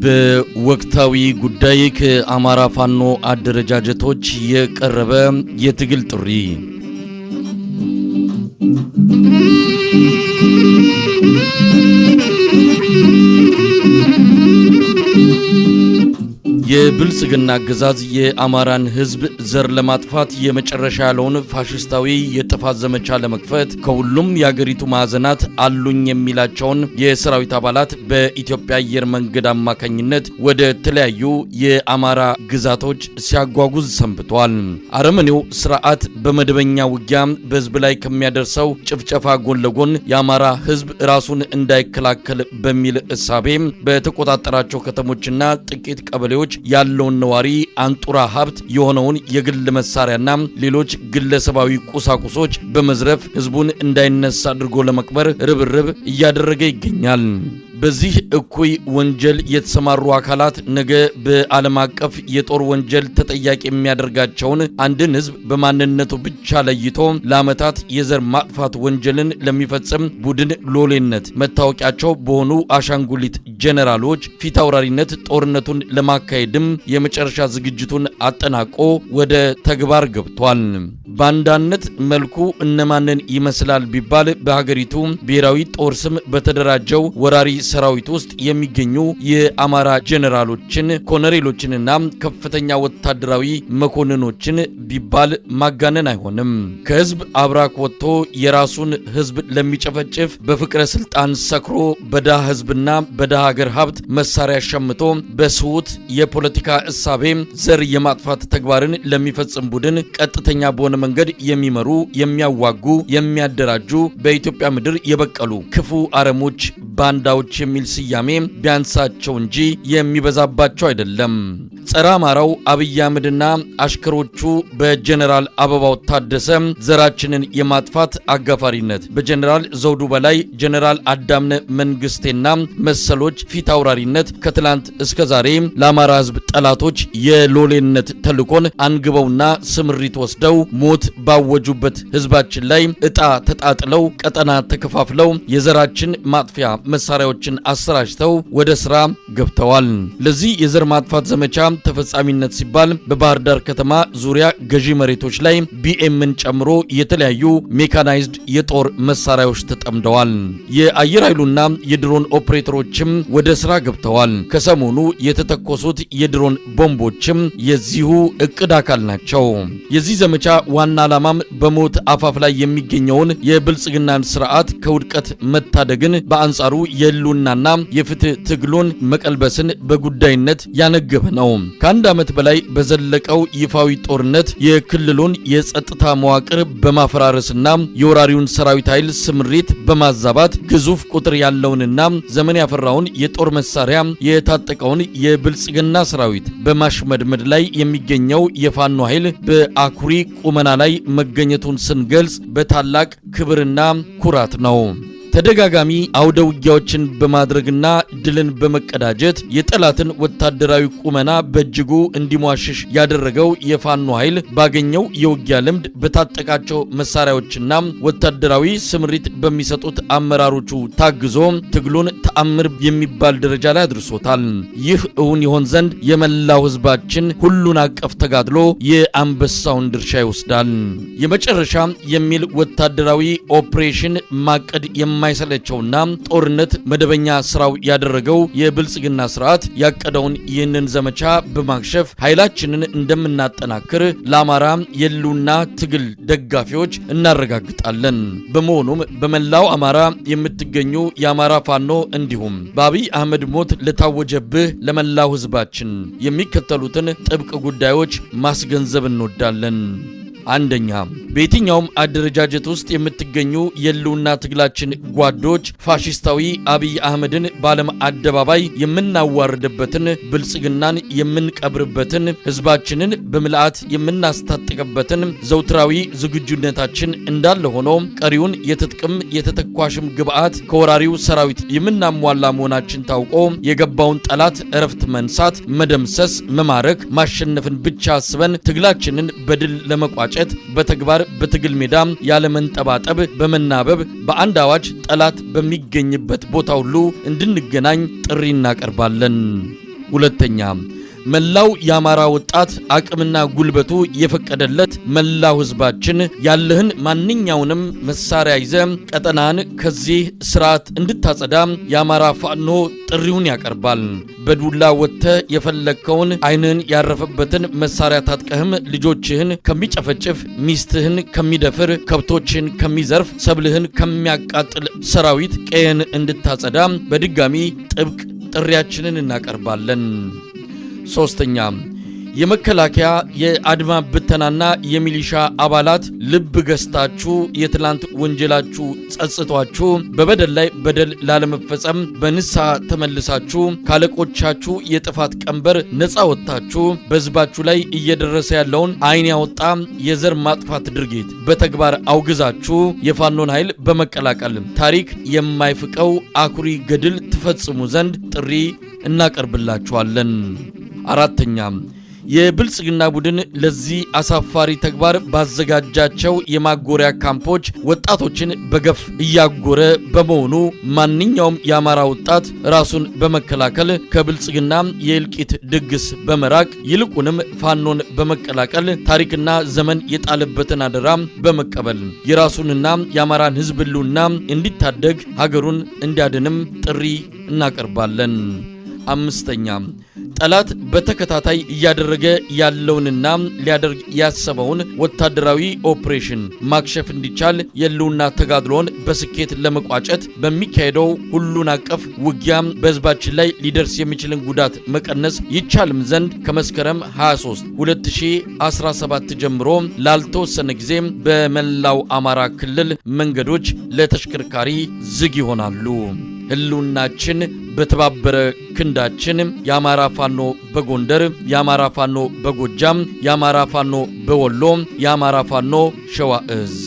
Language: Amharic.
በወቅታዊ ጉዳይ ከአማራ ፋኖ አደረጃጀቶች የቀረበ የትግል ጥሪ የብልጽግና አገዛዝ የአማራን ህዝብ ዘር ለማጥፋት የመጨረሻ ያለውን ፋሽስታዊ የማጥፋት ዘመቻ ለመክፈት ከሁሉም የአገሪቱ ማዕዘናት አሉኝ የሚላቸውን የሰራዊት አባላት በኢትዮጵያ አየር መንገድ አማካኝነት ወደ ተለያዩ የአማራ ግዛቶች ሲያጓጉዝ ሰንብቷል። አረመኔው ስርዓት በመደበኛ ውጊያ በህዝብ ላይ ከሚያደርሰው ጭፍጨፋ ጎን ለጎን የአማራ ህዝብ ራሱን እንዳይከላከል በሚል እሳቤ በተቆጣጠራቸው ከተሞችና ጥቂት ቀበሌዎች ያለውን ነዋሪ አንጡራ ሀብት የሆነውን የግል መሳሪያና ሌሎች ግለሰባዊ ቁሳቁሶች ቤቶች በመዝረፍ ህዝቡን እንዳይነሳ አድርጎ ለመቅበር ርብርብ እያደረገ ይገኛል። በዚህ እኩይ ወንጀል የተሰማሩ አካላት ነገ በዓለም አቀፍ የጦር ወንጀል ተጠያቂ የሚያደርጋቸውን አንድን ህዝብ በማንነቱ ብቻ ለይቶ ለዓመታት የዘር ማጥፋት ወንጀልን ለሚፈጽም ቡድን ሎሌነት መታወቂያቸው በሆኑ አሻንጉሊት ጄኔራሎች ፊት አውራሪነት ጦርነቱን ለማካሄድም የመጨረሻ ዝግጅቱን አጠናቆ ወደ ተግባር ገብቷል። በአንዳነት መልኩ እነማንን ይመስላል ቢባል በሀገሪቱ ብሔራዊ ጦር ስም በተደራጀው ወራሪ ሰራዊት ውስጥ የሚገኙ የአማራ ጄኔራሎችን፣ ኮሎኔሎችንና ከፍተኛ ወታደራዊ መኮንኖችን ቢባል ማጋነን አይሆንም። ከህዝብ አብራክ ወጥቶ የራሱን ህዝብ ለሚጨፈጭፍ በፍቅረ ስልጣን ሰክሮ በዳ ህዝብና በዳ ሀገር ሀብት መሳሪያ ሸምቶ በስሁት የፖለቲካ እሳቤ ዘር የማጥፋት ተግባርን ለሚፈጽም ቡድን ቀጥተኛ በሆነ መንገድ የሚመሩ የሚያዋጉ፣ የሚያደራጁ በኢትዮጵያ ምድር የበቀሉ ክፉ አረሞች፣ ባንዳዎች የሚል ስያሜ ቢያንሳቸው እንጂ የሚበዛባቸው አይደለም። ጸረ አማራው አብይ አህመድና አሽከሮቹ በጀኔራል አበባው ታደሰ ዘራችንን የማጥፋት አጋፋሪነት በጀኔራል ዘውዱ በላይ፣ ጀነራል አዳምነ መንግስቴና መሰሎች ፊት አውራሪነት ከትላንት እስከ ዛሬ ለአማራ ህዝብ ጠላቶች የሎሌነት ተልኮን አንግበውና ስምሪት ወስደው ሞት ባወጁበት ህዝባችን ላይ እጣ ተጣጥለው ቀጠና ተከፋፍለው የዘራችን ማጥፊያ መሳሪያዎችን አሰራጭተው ወደ ስራ ገብተዋል። ለዚህ የዘር ማጥፋት ዘመቻ ተፈጻሚነት ሲባል በባህር ዳር ከተማ ዙሪያ ገዢ መሬቶች ላይ ቢኤምን ጨምሮ የተለያዩ ሜካናይዝድ የጦር መሳሪያዎች ተጠምደዋል። የአየር ኃይሉና የድሮን ኦፕሬተሮችም ወደ ስራ ገብተዋል። ከሰሞኑ የተተኮሱት የድሮን ቦምቦችም የዚሁ እቅድ አካል ናቸው። የዚህ ዘመቻ ዋና ዓላማም በሞት አፋፍ ላይ የሚገኘውን የብልጽግናን ስርዓት ከውድቀት መታደግን በአንጻሩ የህልውናና የፍትህ ትግሉን መቀልበስን በጉዳይነት ያነገበ ነው። ከአንድ ዓመት በላይ በዘለቀው ይፋዊ ጦርነት የክልሉን የጸጥታ መዋቅር በማፈራረስና የወራሪውን ሰራዊት ኃይል ስምሪት በማዛባት ግዙፍ ቁጥር ያለውንና ዘመን ያፈራውን የጦር መሳሪያ የታጠቀውን የብልጽግና ሰራዊት በማሽመድመድ ላይ የሚገኘው የፋኖ ኃይል በአኩሪ ቁመና ላይ መገኘቱን ስንገልጽ በታላቅ ክብርና ኩራት ነው። ተደጋጋሚ አውደ ውጊያዎችን በማድረግና ድልን በመቀዳጀት የጠላትን ወታደራዊ ቁመና በእጅጉ እንዲሟሽሽ ያደረገው የፋኖ ኃይል ባገኘው የውጊያ ልምድ በታጠቃቸው መሳሪያዎችና ወታደራዊ ስምሪት በሚሰጡት አመራሮቹ ታግዞ ትግሉን ተአምር የሚባል ደረጃ ላይ አድርሶታል። ይህ እውን ይሆን ዘንድ የመላው ሕዝባችን ሁሉን አቀፍ ተጋድሎ የአንበሳውን ድርሻ ይወስዳል። የመጨረሻ የሚል ወታደራዊ ኦፕሬሽን ማቀድ የማ የማይሰለቸውና ጦርነት መደበኛ ስራው ያደረገው የብልጽግና ስርዓት ያቀደውን ይህንን ዘመቻ በማክሸፍ ኃይላችንን እንደምናጠናክር ለአማራ የሉና ትግል ደጋፊዎች እናረጋግጣለን። በመሆኑም በመላው አማራ የምትገኙ የአማራ ፋኖ እንዲሁም በአብይ አህመድ ሞት ለታወጀብህ ለመላው ህዝባችን የሚከተሉትን ጥብቅ ጉዳዮች ማስገንዘብ እንወዳለን። አንደኛ በየትኛውም አደረጃጀት ውስጥ የምትገኙ የህልውና ትግላችን ጓዶች ፋሽስታዊ አብይ አህመድን በዓለም አደባባይ የምናዋርድበትን ብልጽግናን የምንቀብርበትን ህዝባችንን በምልአት የምናስታጥቅበትን ዘውትራዊ ዝግጁነታችን እንዳለ ሆኖ ቀሪውን የትጥቅም የተተኳሽም ግብዓት ከወራሪው ሰራዊት የምናሟላ መሆናችን ታውቆ የገባውን ጠላት እረፍት መንሳት፣ መደምሰስ፣ መማረክ፣ ማሸነፍን ብቻ አስበን ትግላችንን በድል ለመቋጨ በመጋጨት በተግባር በትግል ሜዳ ያለመንጠባጠብ በመናበብ በአንድ አዋጅ ጠላት በሚገኝበት ቦታ ሁሉ እንድንገናኝ ጥሪ እናቀርባለን። ሁለተኛ መላው የአማራ ወጣት አቅምና ጉልበቱ የፈቀደለት መላው ህዝባችን ያለህን ማንኛውንም መሳሪያ ይዘ ቀጠናን ከዚህ ስርዓት እንድታጸዳ የአማራ ፋኖ ጥሪውን ያቀርባል። በዱላ ወጥተ የፈለግከውን አይንን ያረፈበትን መሳሪያ ታጥቀህም ልጆችህን ከሚጨፈጭፍ፣ ሚስትህን ከሚደፍር፣ ከብቶችን ከሚዘርፍ፣ ሰብልህን ከሚያቃጥል ሰራዊት ቀየን እንድታጸዳ በድጋሚ ጥብቅ ጥሪያችንን እናቀርባለን። ሶስተኛ የመከላከያ የአድማ ብተናና የሚሊሻ አባላት ልብ ገዝታችሁ የትላንት ወንጀላችሁ ጸጽቷችሁ በበደል ላይ በደል ላለመፈጸም በንስሐ ተመልሳችሁ ካለቆቻችሁ የጥፋት ቀንበር ነፃ ወጥታችሁ በሕዝባችሁ ላይ እየደረሰ ያለውን ዓይን ያወጣ የዘር ማጥፋት ድርጊት በተግባር አውግዛችሁ የፋኖን ኃይል በመቀላቀል ታሪክ የማይፍቀው አኩሪ ገድል ትፈጽሙ ዘንድ ጥሪ እናቀርብላችኋለን። አራተኛ የብልጽግና ቡድን ለዚህ አሳፋሪ ተግባር ባዘጋጃቸው የማጎሪያ ካምፖች ወጣቶችን በገፍ እያጎረ በመሆኑ ማንኛውም የአማራ ወጣት ራሱን በመከላከል ከብልጽግና የእልቂት ድግስ በመራቅ ይልቁንም ፋኖን በመቀላቀል ታሪክና ዘመን የጣለበትን አደራ በመቀበል የራሱንና የአማራን ሕዝብ ሕልውና እንዲታደግ ሀገሩን እንዲያድንም ጥሪ እናቀርባለን። አምስተኛ ጠላት በተከታታይ እያደረገ ያለውንና ሊያደርግ ያሰበውን ወታደራዊ ኦፕሬሽን ማክሸፍ እንዲቻል የህልውና ተጋድሎን በስኬት ለመቋጨት በሚካሄደው ሁሉን አቀፍ ውጊያ በህዝባችን ላይ ሊደርስ የሚችልን ጉዳት መቀነስ ይቻልም ዘንድ ከመስከረም 23 2017 ጀምሮ ላልተወሰነ ጊዜ በመላው አማራ ክልል መንገዶች ለተሽከርካሪ ዝግ ይሆናሉ። ህልውናችን በተባበረ ክንዳችን የአማራ ፋኖ በጎንደር፣ የአማራ ፋኖ በጎጃም፣ የአማራ ፋኖ በወሎ፣ የአማራ ፋኖ ሸዋ እዝ